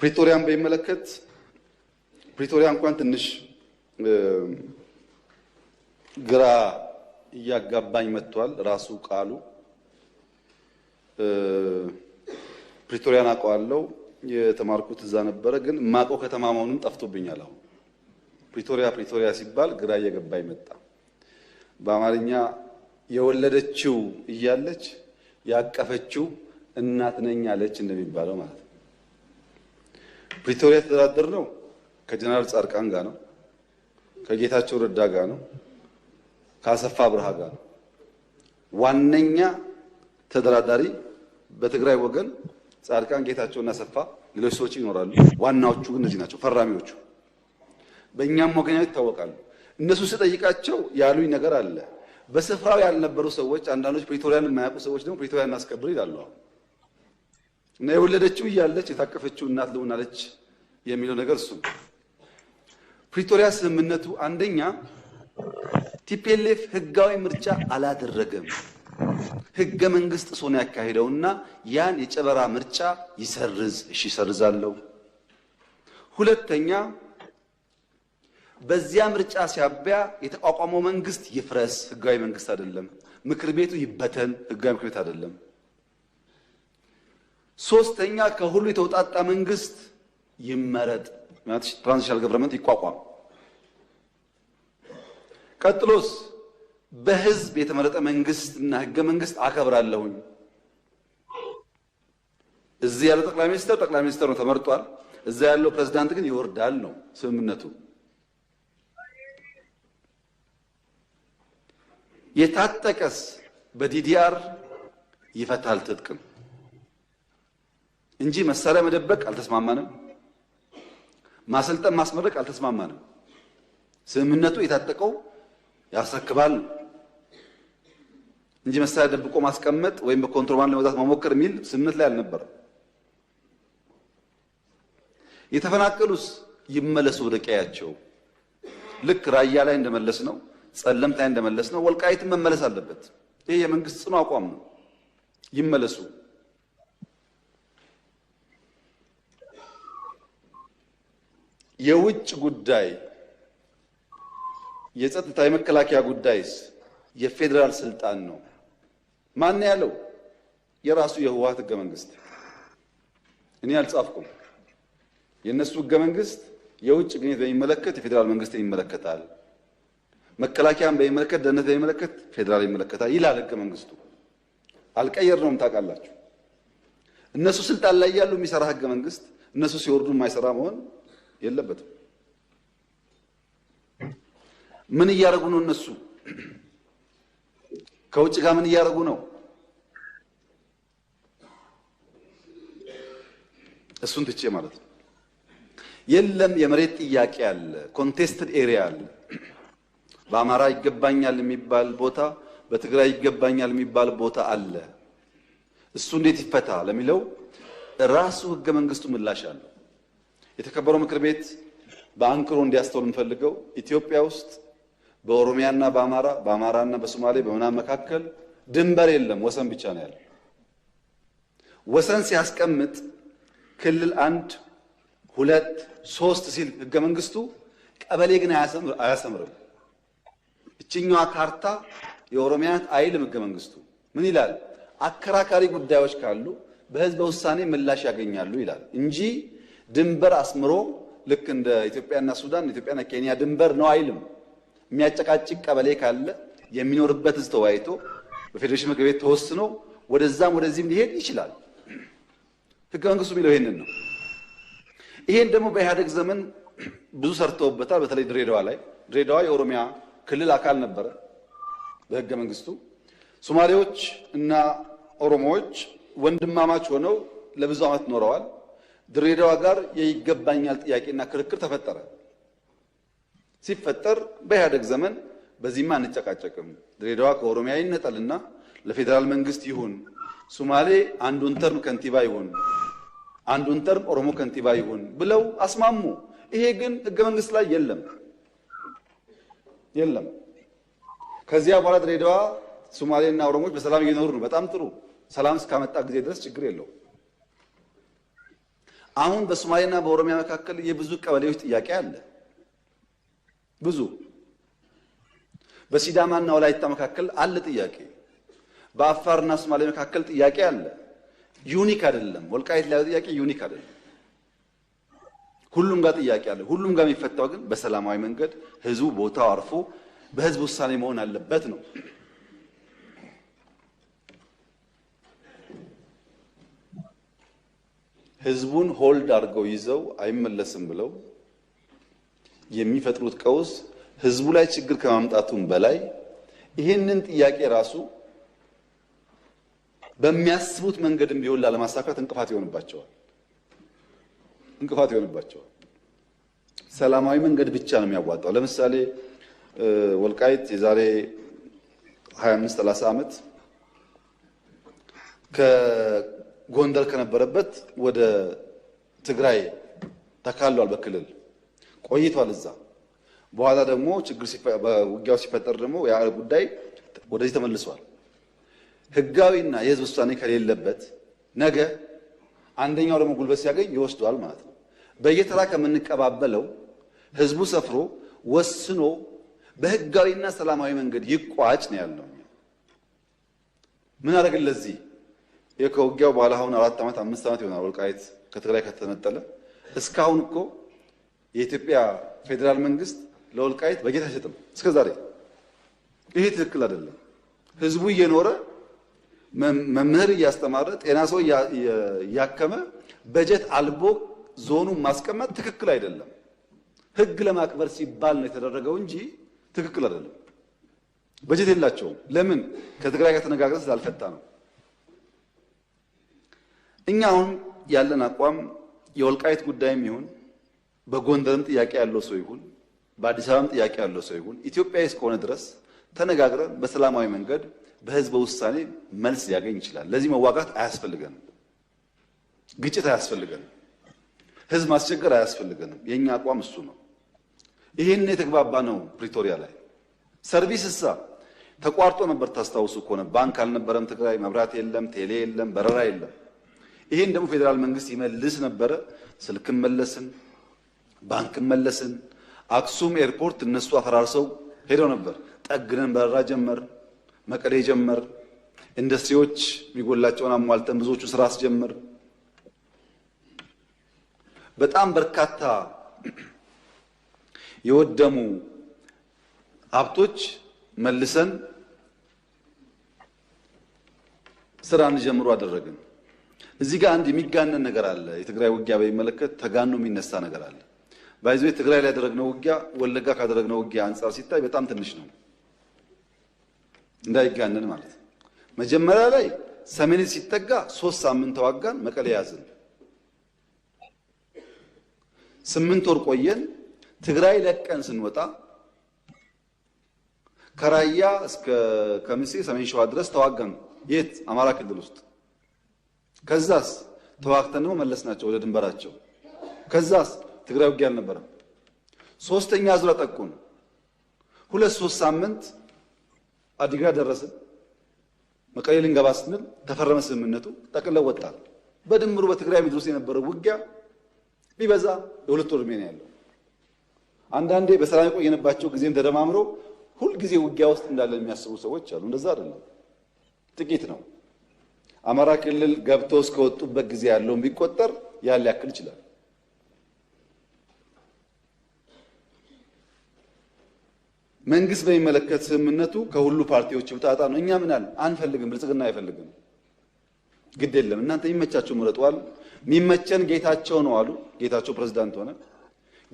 ፕሪቶሪያን በሚመለከት ፕሪቶሪያ እንኳን ትንሽ ግራ እያጋባኝ መጥቷል። ራሱ ቃሉ ፕሪቶሪያን አውቀዋለሁ፣ የተማርኩት እዛ ነበረ። ግን ማቀው ከተማ መሆኑም ጠፍቶብኛል። አሁን ፕሪቶሪያ ፕሪቶሪያ ሲባል ግራ እየገባኝ መጣ። በአማርኛ የወለደችው እያለች ያቀፈችው እናት ነኝ አለች እንደሚባለው ማለት ነው። ፕሪቶሪያ የተደራደር ነው ከጀነራል ጻድቃን ጋር ነው፣ ከጌታቸው ረዳ ጋር ነው፣ ከአሰፋ ብርሃ ጋር ነው። ዋነኛ ተደራዳሪ በትግራይ ወገን ጻድቃን፣ ጌታቸውና አሰፋ፣ ሌሎች ሰዎች ይኖራሉ። ዋናዎቹ ግን እነዚህ ናቸው፣ ፈራሚዎቹ በእኛም ወገን ይታወቃሉ። እነሱ ስጠይቃቸው ያሉኝ ነገር አለ። በስፍራው ያልነበሩ ሰዎች አንዳንዶች ፕሪቶሪያን የማያውቁ ሰዎች ደግሞ ፕሪቶሪያ እናስከብር ይላሉ። እና የወለደችው እያለች የታቀፈችው እናት ልሆናለች የሚለው ነገር እሱ ፕሪቶሪያ ስምምነቱ አንደኛ ቲፒኤልኤፍ ህጋዊ ምርጫ አላደረገም። ህገ መንግስት እሱ ነው ያካሄደውና ያን የጨበራ ምርጫ ይሰርዝ። እሺ ይሰርዛለሁ። ሁለተኛ በዚያ ምርጫ ሲያበያ የተቋቋመው መንግስት ይፍረስ፣ ህጋዊ መንግስት አይደለም። ምክር ቤቱ ይበተን፣ ህጋዊ ምክር ቤት አይደለም። ሶስተኛ ከሁሉ የተውጣጣ መንግስት ይመረጥ፣ ትራንዚሽናል ገቨርንመንት ይቋቋም። ቀጥሎስ በህዝብ የተመረጠ መንግስት እና ህገ መንግስት አከብራለሁኝ። እዚህ ያለው ጠቅላይ ሚኒስትር ጠቅላይ ሚኒስትር ነው ተመርጧል። እዛ ያለው ፕሬዝዳንት ግን ይወርዳል ነው ስምምነቱ። የታጠቀስ በዲዲአር ይፈታል ትጥቅም እንጂ መሳሪያ መደበቅ አልተስማማንም። ማሰልጠን ማስመረቅ አልተስማማንም። ስምምነቱ የታጠቀው ያስረክባል እንጂ መሳሪያ ደብቆ ማስቀመጥ ወይም በኮንትሮባንድ ለመግዛት መሞከር የሚል ስምምነት ላይ አልነበረም። የተፈናቀሉስ ይመለሱ ወደ ቀያቸው። ልክ ራያ ላይ እንደመለስ ነው፣ ጸለምት ላይ እንደመለስ ነው፣ ወልቃይትን መመለስ አለበት። ይሄ የመንግስት ጽኑ አቋም ነው። ይመለሱ። የውጭ ጉዳይ፣ የጸጥታ የመከላከያ ጉዳይስ የፌዴራል ስልጣን ነው። ማን ያለው? የራሱ የህወሓት ህገ መንግስት። እኔ አልጻፍኩም። የእነሱ ህገ መንግስት የውጭ ግንኙነት በሚመለከት የፌዴራል መንግስትን ይመለከታል፣ መከላከያን በሚመለከት ደህንነት በሚመለከት ፌዴራል ይመለከታል ይላል ህገ መንግስቱ። አልቀየር ነውም ታውቃላችሁ። እነሱ ስልጣን ላይ ያሉ የሚሰራ ህገ መንግስት፣ እነሱ ሲወርዱ የማይሰራ መሆን የለበትም። ምን እያደረጉ ነው እነሱ? ከውጭ ጋር ምን እያደረጉ ነው? እሱን ትቼ ማለት ነው። የለም የመሬት ጥያቄ አለ፣ ኮንቴስትድ ኤሪያ አለ። በአማራ ይገባኛል የሚባል ቦታ፣ በትግራይ ይገባኛል የሚባል ቦታ አለ። እሱ እንዴት ይፈታ ለሚለው ራሱ ህገ መንግስቱ ምላሽ አለው። የተከበረው ምክር ቤት በአንክሮ እንዲያስተውል እንፈልገው ኢትዮጵያ ውስጥ በኦሮሚያና በአማራ በአማራና በሶማሌ በምናምን መካከል ድንበር የለም፣ ወሰን ብቻ ነው ያለው። ወሰን ሲያስቀምጥ ክልል አንድ ሁለት ሶስት ሲል ህገ መንግስቱ ቀበሌ ግን አያሰምርም። እችኛዋ ካርታ የኦሮሚያ አይልም ህገ መንግስቱ። ምን ይላል? አከራካሪ ጉዳዮች ካሉ በህዝበ ውሳኔ ምላሽ ያገኛሉ ይላል እንጂ ድንበር አስምሮ ልክ እንደ ኢትዮጵያና ሱዳን ኢትዮጵያና ኬንያ ድንበር ነው አይልም። የሚያጨቃጭቅ ቀበሌ ካለ የሚኖርበት ህዝብ ተወያይቶ በፌዴሬሽን ምክር ቤት ተወስኖ ወደዛም ወደዚህም ሊሄድ ይችላል። ህገ መንግስቱ የሚለው ይሄንን ነው። ይሄን ደግሞ በኢህአደግ ዘመን ብዙ ሰርተውበታል። በተለይ ድሬዳዋ ላይ ድሬዳዋ የኦሮሚያ ክልል አካል ነበረ በህገ መንግስቱ። ሶማሌዎች እና ኦሮሞዎች ወንድማማች ሆነው ለብዙ ዓመት ኖረዋል። ድሬዳዋ ጋር የይገባኛል ጥያቄና ክርክር ተፈጠረ። ሲፈጠር በኢህአደግ ዘመን በዚህማ አንጨቃጨቅም፣ ድሬዳዋ ከኦሮሚያ ይነጠልና ለፌዴራል መንግስት ይሁን፣ ሱማሌ አንዱን ተርም ከንቲባ ይሁን፣ አንዱን ተርም ኦሮሞ ከንቲባ ይሁን ብለው አስማሙ። ይሄ ግን ህገ መንግስት ላይ የለም የለም። ከዚያ በኋላ ድሬዳዋ ሶማሌና ኦሮሞች በሰላም እየኖሩ ነው። በጣም ጥሩ። ሰላም እስካመጣ ጊዜ ድረስ ችግር የለው አሁን በሶማሌና በኦሮሚያ መካከል የብዙ ቀበሌዎች ጥያቄ አለ። ብዙ በሲዳማና ወላይታ መካከል አለ ጥያቄ። በአፋርና ሶማሌ መካከል ጥያቄ አለ። ዩኒክ አይደለም። ወልቃይት ላይ ጥያቄ ዩኒክ አይደለም። ሁሉም ጋር ጥያቄ አለ። ሁሉም ጋር የሚፈታው ግን በሰላማዊ መንገድ ህዝቡ ቦታው አርፎ በህዝብ ውሳኔ መሆን አለበት ነው። ህዝቡን ሆልድ አድርገው ይዘው አይመለስም ብለው የሚፈጥሩት ቀውስ ህዝቡ ላይ ችግር ከማምጣቱም በላይ ይህንን ጥያቄ ራሱ በሚያስቡት መንገድም ቢሆን ላለማሳካት እንቅፋት ይሆንባቸዋል እንቅፋት ይሆንባቸዋል። ሰላማዊ መንገድ ብቻ ነው የሚያዋጣው። ለምሳሌ ወልቃይት የዛሬ 25 30 ዓመት ጎንደር ከነበረበት ወደ ትግራይ ተካሏል። በክልል ቆይቷል እዛ። በኋላ ደግሞ ችግር ውጊያው ሲፈጠር ደግሞ የአገር ጉዳይ ወደዚህ ተመልሷል። ህጋዊና የህዝብ ውሳኔ ከሌለበት ነገ አንደኛው ደግሞ ጉልበት ሲያገኝ ይወስዷል ማለት ነው። በየተራ ከምንቀባበለው ህዝቡ ሰፍሮ ወስኖ በህጋዊና ሰላማዊ መንገድ ይቋጭ ነው ያለው። ምን አደረግን ለዚህ ይህ ከውጊያው በኋላ አሁን አራት ዓመት አምስት ዓመት ይሆናል ወልቃይት ከትግራይ ከተነጠለ። እስካሁን እኮ የኢትዮጵያ ፌዴራል መንግስት ለወልቃይት በጀት አይሰጥም እስከ ዛሬ። ይሄ ትክክል አይደለም። ህዝቡ እየኖረ መምህር እያስተማረ ጤና ሰው እያከመ በጀት አልቦ ዞኑን ማስቀመጥ ትክክል አይደለም። ህግ ለማክበር ሲባል ነው የተደረገው እንጂ ትክክል አይደለም። በጀት የላቸውም። ለምን? ከትግራይ ጋር ተነጋግረን ስላልፈታ ነው። እኛ አሁን ያለን አቋም የወልቃይት ጉዳይም ይሁን በጎንደርም ጥያቄ ያለው ሰው ይሁን በአዲስ አበባም ጥያቄ ያለው ሰው ይሁን ኢትዮጵያ እስከሆነ ድረስ ተነጋግረን በሰላማዊ መንገድ በህዝበ ውሳኔ መልስ ሊያገኝ ይችላል። ለዚህ መዋጋት አያስፈልገንም። ግጭት አያስፈልገንም። ህዝብ ማስቸገር አያስፈልገንም። የእኛ አቋም እሱ ነው። ይህን የተግባባ ነው ፕሪቶሪያ ላይ። ሰርቪስ እሳ ተቋርጦ ነበር። ታስታውሱ ከሆነ ባንክ አልነበረም ትግራይ፣ መብራት የለም፣ ቴሌ የለም፣ በረራ የለም። ይሄን ደግሞ ፌዴራል መንግስት ይመልስ ነበረ። ስልክም መለስን፣ ባንክም መለስን። አክሱም ኤርፖርት እነሱ አፈራርሰው ሄደው ነበር። ጠግነን በረራ ጀመር፣ መቀሌ ጀመር፣ ኢንዱስትሪዎች የሚጎላቸውን አሟልተን ብዙዎቹ ስራ አስጀምር። በጣም በርካታ የወደሙ ሀብቶች መልሰን ስራ እንጀምሩ አደረግን። እዚህ ጋር አንድ የሚጋነን ነገር አለ። የትግራይ ውጊያ በሚመለከት ተጋኖ የሚነሳ ነገር አለ። ባይዞ ትግራይ ላይ ያደረግነው ውጊያ ወለጋ ካደረግነው ውጊያ አንጻር ሲታይ በጣም ትንሽ ነው፣ እንዳይጋነን ማለት ነው። መጀመሪያ ላይ ሰሜን ሲጠጋ ሶስት ሳምንት ተዋጋን፣ መቀሌ ያዝን፣ ስምንት ወር ቆየን። ትግራይ ለቀን ስንወጣ ከራያ እስከ ከምሴ ሰሜን ሸዋ ድረስ ተዋጋን። የት አማራ ክልል ውስጥ ከዛስ ተዋግተን ነው መለስ ናቸው ወደ ድንበራቸው። ከዛስ ትግራይ ውጊያ አልነበረም። ሶስተኛ ዙር ጠቁን ሁለት ሶስት ሳምንት አዲጋ ደረስን። መቀሌ ልንገባ ስንል ተፈረመ ስምምነቱ፣ ጠቅለው ወጣል። በድምሩ በትግራይ ምድር ውስጥ የነበረው ውጊያ ቢበዛ የሁለት ወር ዕድሜ ነው ያለው። አንዳንዴ በሰላም የቆየንባቸው ጊዜም ተደማምሮ ሁልጊዜ ውጊያ ውስጥ እንዳለን የሚያስቡ ሰዎች አሉ። እንደዛ አይደለም፣ ጥቂት ነው። አማራ ክልል ገብተው እስከወጡበት ጊዜ ያለውን ቢቆጠር ያን ሊያክል ይችላል። መንግስት በሚመለከት ስምምነቱ ከሁሉ ፓርቲዎች ብጣጣ ነው። እኛ ምን አለ አንፈልግም፣ ብልጽግና አይፈልግም፣ ግድ የለም እናንተ የሚመቻቸው ምረጡ የሚመቸን ጌታቸው ነው አሉ። ጌታቸው ፕሬዝዳንት ሆነ።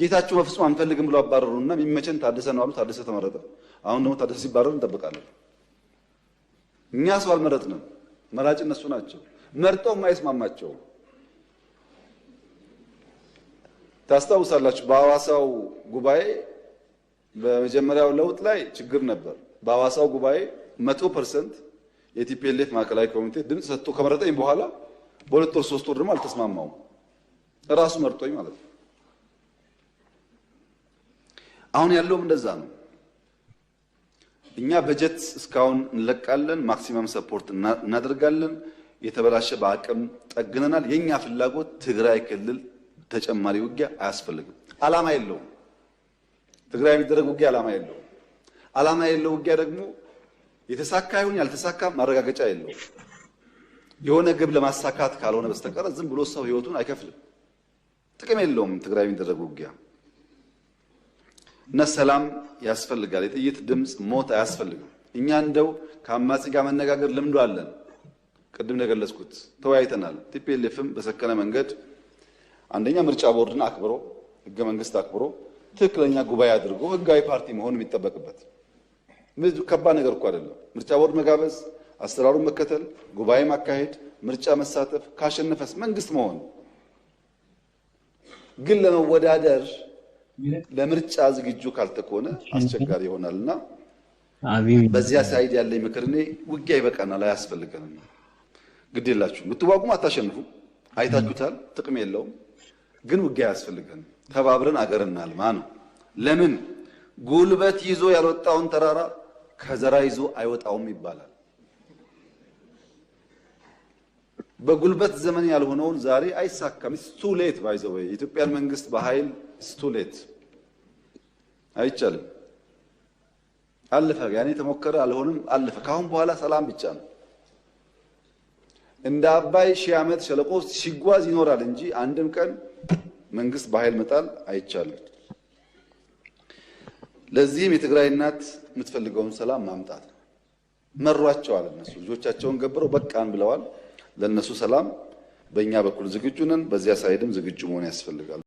ጌታቸው በፍጹም አንፈልግም ብሎ አባረሩና የሚመቸን ታደሰ ነው አሉ። ታደሰ ተመረጠ። አሁን ደግሞ ታደሰ ሲባረር እንጠብቃለን። እኛ ሰው አልመረጥንም። መራጭ እነሱ ናቸው። መርጠው የማይስማማቸው ታስታውሳላችሁ። በሐዋሳው ጉባኤ በመጀመሪያው ለውጥ ላይ ችግር ነበር። በሐዋሳው ጉባኤ መቶ ፐርሰንት የቲፒኤልኤፍ ማዕከላዊ ኮሚቴ ድምፅ ሰጥቶ ከመረጠኝ በኋላ በሁለት ወር ሶስት ወር ደግሞ አልተስማማውም። እራሱ መርጦኝ ማለት ነው። አሁን ያለውም እንደዛ ነው። እኛ በጀት እስካሁን እንለቃለን፣ ማክሲመም ሰፖርት እናደርጋለን። የተበላሸ በአቅም ጠግነናል። የእኛ ፍላጎት ትግራይ ክልል ተጨማሪ ውጊያ አያስፈልግም። ዓላማ የለውም። ትግራይ የሚደረግ ውጊያ ዓላማ የለውም። ዓላማ የለው ውጊያ ደግሞ የተሳካ ይሁን ያልተሳካ ማረጋገጫ የለውም። የሆነ ግብ ለማሳካት ካልሆነ በስተቀር ዝም ብሎ ሰው ህይወቱን አይከፍልም። ጥቅም የለውም ትግራይ የሚደረግ ውጊያ እና ሰላም ያስፈልጋል። የጥይት ድምፅ ሞት አያስፈልግም። እኛ እንደው ከአማጺ ጋር መነጋገር ልምዶ አለን። ቅድም እንደገለጽኩት ተወያይተናል። ቲፒኤልኤፍም በሰከነ መንገድ አንደኛ ምርጫ ቦርድን አክብሮ ህገ መንግስት አክብሮ ትክክለኛ ጉባኤ አድርጎ ህጋዊ ፓርቲ መሆን የሚጠበቅበት ከባድ ነገር እኮ አይደለም። ምርጫ ቦርድ መጋበዝ፣ አሰራሩን መከተል፣ ጉባኤ ማካሄድ፣ ምርጫ መሳተፍ፣ ካሸነፈስ መንግስት መሆን ግን ለመወዳደር ለምርጫ ዝግጁ ካልተኮነ አስቸጋሪ ይሆናል እና በዚያ ሳይድ ያለኝ ምክር እኔ ውጊያ ይበቃናል፣ አያስፈልገንም። ግድ የላችሁ ምትዋጉም አታሸንፉም፣ አይታችሁታል፣ ጥቅም የለውም። ግን ውጊያ አያስፈልገንም፣ ተባብረን አገር እናልማ ነው። ለምን ጉልበት ይዞ ያልወጣውን ተራራ ከዘራ ይዞ አይወጣውም ይባላል። በጉልበት ዘመን ያልሆነውን ዛሬ አይሳካም። ሌት ባይዘወይ የኢትዮጵያን መንግስት በኃይል ስቱሌት አይቻልም። አለፈ። ያኔ ተሞከረ፣ አልሆንም፣ አለፈ። ካሁን በኋላ ሰላም ብቻ ነው። እንደ አባይ ሺህ ዓመት ሸለቆ ውስጥ ሲጓዝ ይኖራል እንጂ አንድም ቀን መንግስት በኃይል መጣል አይቻልም። ለዚህም የትግራይ እናት የምትፈልገውን ሰላም ማምጣት መሯቸዋል። እነሱ ልጆቻቸውን ገብረው በቃን ብለዋል። ለእነሱ ሰላም በእኛ በኩል ዝግጁ ነን። በዚያ ሳይድም ዝግጁ መሆን ያስፈልጋል።